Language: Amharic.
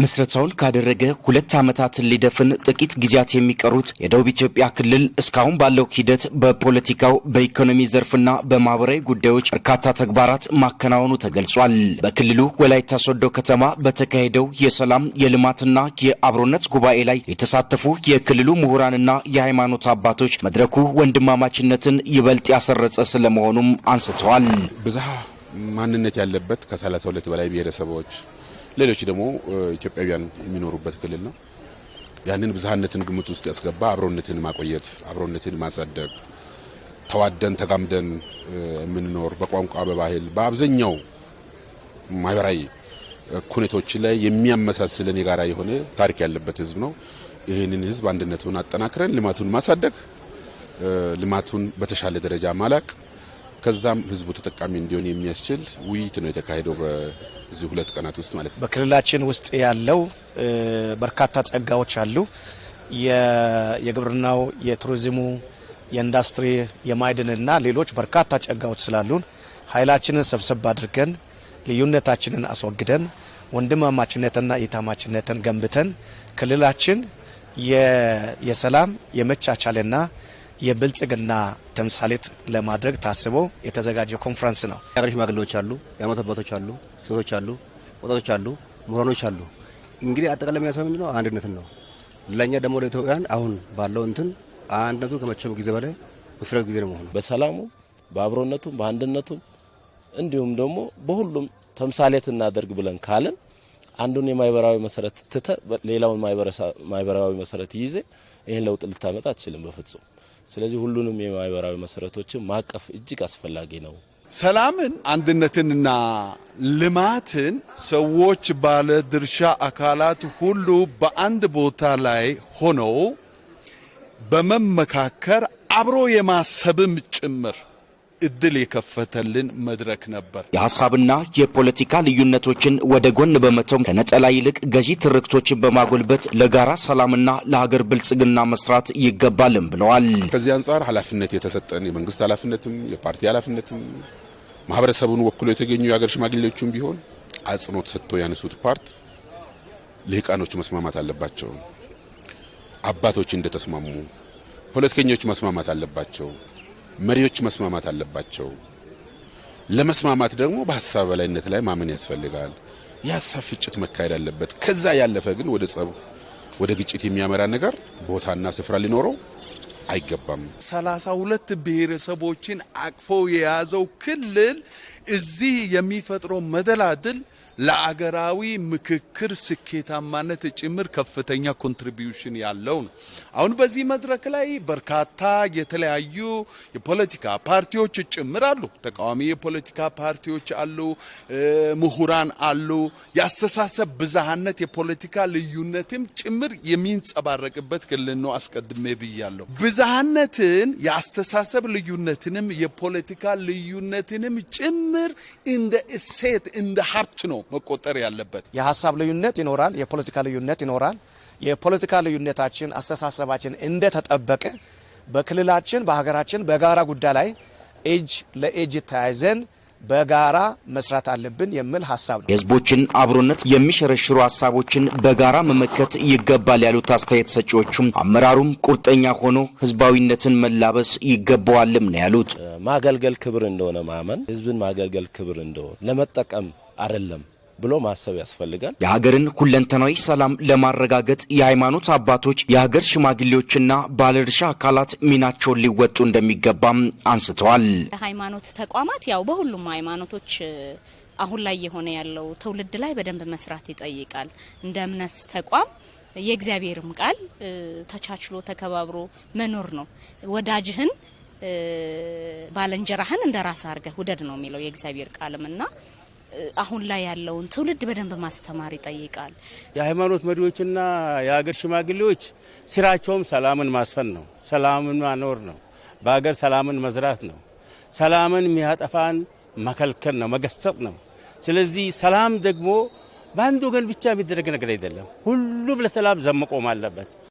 ምስረታውን ካደረገ ሁለት ዓመታትን ሊደፍን ጥቂት ጊዜያት የሚቀሩት የደቡብ ኢትዮጵያ ክልል እስካሁን ባለው ሂደት በፖለቲካው በኢኮኖሚ ዘርፍና በማህበራዊ ጉዳዮች በርካታ ተግባራት ማከናወኑ ተገልጿል። በክልሉ ወላይታ ሶዶ ከተማ በተካሄደው የሰላም የልማትና የአብሮነት ጉባኤ ላይ የተሳተፉ የክልሉ ምሁራንና የሃይማኖት አባቶች መድረኩ ወንድማማችነትን ይበልጥ ያሰረጸ ስለመሆኑም አንስተዋል። ብዝሃ ማንነት ያለበት ከ32 በላይ ብሔረሰቦች ሌሎች ደግሞ ኢትዮጵያውያን የሚኖሩበት ክልል ነው። ያንን ብዝሃነትን ግምት ውስጥ ያስገባ አብሮነትን ማቆየት፣ አብሮነትን ማሳደግ፣ ተዋደን ተጋምደን የምንኖር በቋንቋ በባህል በአብዛኛው ማህበራዊ ኩኔቶች ላይ የሚያመሳስለን የጋራ የሆነ ታሪክ ያለበት ህዝብ ነው። ይህንን ህዝብ አንድነቱን አጠናክረን ልማቱን ማሳደግ ልማቱን በተሻለ ደረጃ ማላቅ ከዛም ህዝቡ ተጠቃሚ እንዲሆን የሚያስችል ውይይት ነው የተካሄደው በዚህ ሁለት ቀናት ውስጥ ማለት ነው። በክልላችን ውስጥ ያለው በርካታ ጸጋዎች አሉ። የግብርናው፣ የቱሪዝሙ፣ የኢንዱስትሪ፣ የማዕድንና ሌሎች በርካታ ጸጋዎች ስላሉን ኃይላችንን ሰብሰብ አድርገን ልዩነታችንን አስወግደን ወንድማማችነትና የታማችነትን ገንብተን ክልላችን የሰላም የመቻቻልና የብልጽግና ተምሳሌት ለማድረግ ታስቦ የተዘጋጀ ኮንፈረንስ ነው። የአገር ሽማግሌዎች አሉ፣ የሃይማኖት አባቶች አሉ፣ ሴቶች አሉ፣ ወጣቶች አሉ፣ ምሁራኖች አሉ። እንግዲህ አጠቃላይ የሚያሳይ ምንድነው? አንድነትን ነው። ለእኛ ደግሞ ለኢትዮጵያን አሁን ባለው እንትን አንድነቱ ከመቼም ጊዜ በላይ ውስረት ጊዜ ነው መሆኑ በሰላሙ በአብሮነቱም በአንድነቱም እንዲሁም ደግሞ በሁሉም ተምሳሌት እናደርግ ብለን ካለን። አንዱን የማህበራዊ መሰረት ትተ ሌላውን ማህበራዊ መሰረት ይዜ ይህን ለውጥ ልታመጣ አትችልም በፍጹም። ስለዚህ ሁሉንም የማህበራዊ መሰረቶችን ማቀፍ እጅግ አስፈላጊ ነው። ሰላምን፣ አንድነትንና ልማትን ሰዎች፣ ባለ ድርሻ አካላት ሁሉ በአንድ ቦታ ላይ ሆነው በመመካከር አብሮ የማሰብም ጭምር እድል የከፈተልን መድረክ ነበር። የሀሳብና የፖለቲካ ልዩነቶችን ወደ ጎን በመተው ከነጠላ ይልቅ ገዢ ትርክቶችን በማጎልበት ለጋራ ሰላምና ለሀገር ብልጽግና መስራት ይገባልም ብለዋል። ከዚህ አንጻር ኃላፊነት የተሰጠን የመንግስት ኃላፊነትም የፓርቲ ኃላፊነትም ማህበረሰቡን ወክሎ የተገኙ የሀገር ሽማግሌዎችም ቢሆን አጽንኦት ሰጥተው ያነሱት ፓርት ልሂቃኖች መስማማት አለባቸው። አባቶች እንደተስማሙ ፖለቲከኞች መስማማት አለባቸው። መሪዎች መስማማት አለባቸው። ለመስማማት ደግሞ በሀሳብ በላይነት ላይ ማመን ያስፈልጋል። የሀሳብ ፍጭት መካሄድ አለበት። ከዛ ያለፈ ግን ወደ ጸብ፣ ወደ ግጭት የሚያመራ ነገር ቦታና ስፍራ ሊኖረው አይገባም። ሰላሳ ሁለት ብሔረሰቦችን አቅፎ የያዘው ክልል እዚህ የሚፈጥረው መደላድል ለአገራዊ ምክክር ስኬታማነት ጭምር ከፍተኛ ኮንትሪቢዩሽን ያለው ነው። አሁን በዚህ መድረክ ላይ በርካታ የተለያዩ የፖለቲካ ፓርቲዎች ጭምር አሉ። ተቃዋሚ የፖለቲካ ፓርቲዎች አሉ፣ ምሁራን አሉ። የአስተሳሰብ ብዝሃነት የፖለቲካ ልዩነትም ጭምር የሚንጸባረቅበት ክልል ነው። አስቀድሜ ብያለሁ። ብዝሃነትን የአስተሳሰብ ልዩነትንም የፖለቲካ ልዩነትንም ጭምር እንደ እሴት እንደ ሀብት ነው መቆጠር ያለበት። የሀሳብ ልዩነት ይኖራል፣ የፖለቲካ ልዩነት ይኖራል። የፖለቲካ ልዩነታችን አስተሳሰባችን እንደተጠበቀ በክልላችን በሀገራችን በጋራ ጉዳይ ላይ እጅ ለእጅ ተያይዘን በጋራ መስራት አለብን የሚል ሀሳብ ነው። የህዝቦችን አብሮነት የሚሸረሽሩ ሀሳቦችን በጋራ መመከት ይገባል ያሉት አስተያየት ሰጪዎቹም አመራሩም ቁርጠኛ ሆኖ ህዝባዊነትን መላበስ ይገባዋልም ነው ያሉት። ማገልገል ክብር እንደሆነ ማመን፣ ህዝብን ማገልገል ክብር እንደሆነ ለመጠቀም አይደለም ብሎ ማሰብ ያስፈልጋል። የሀገርን ሁለንተናዊ ሰላም ለማረጋገጥ የሃይማኖት አባቶች፣ የሀገር ሽማግሌዎችና ባለድርሻ አካላት ሚናቸውን ሊወጡ እንደሚገባም አንስተዋል። ሃይማኖት ተቋማት ያው በሁሉም ሃይማኖቶች አሁን ላይ የሆነ ያለው ትውልድ ላይ በደንብ መስራት ይጠይቃል። እንደ እምነት ተቋም የእግዚአብሔርም ቃል ተቻችሎ ተከባብሮ መኖር ነው። ወዳጅህን ባለንጀራህን እንደ ራስ አድርገህ ውደድ ነው የሚለው የእግዚአብሔር ቃልም እና አሁን ላይ ያለውን ትውልድ በደንብ ማስተማር ይጠይቃል። የሃይማኖት መሪዎችና የሀገር ሽማግሌዎች ስራቸውም ሰላምን ማስፈን ነው፣ ሰላምን ማኖር ነው፣ በሀገር ሰላምን መዝራት ነው፣ ሰላምን የሚያጠፋን መከልከል ነው፣ መገሰጥ ነው። ስለዚህ ሰላም ደግሞ በአንድ ወገን ብቻ የሚደረግ ነገር አይደለም። ሁሉም ለሰላም ዘምቆም አለበት።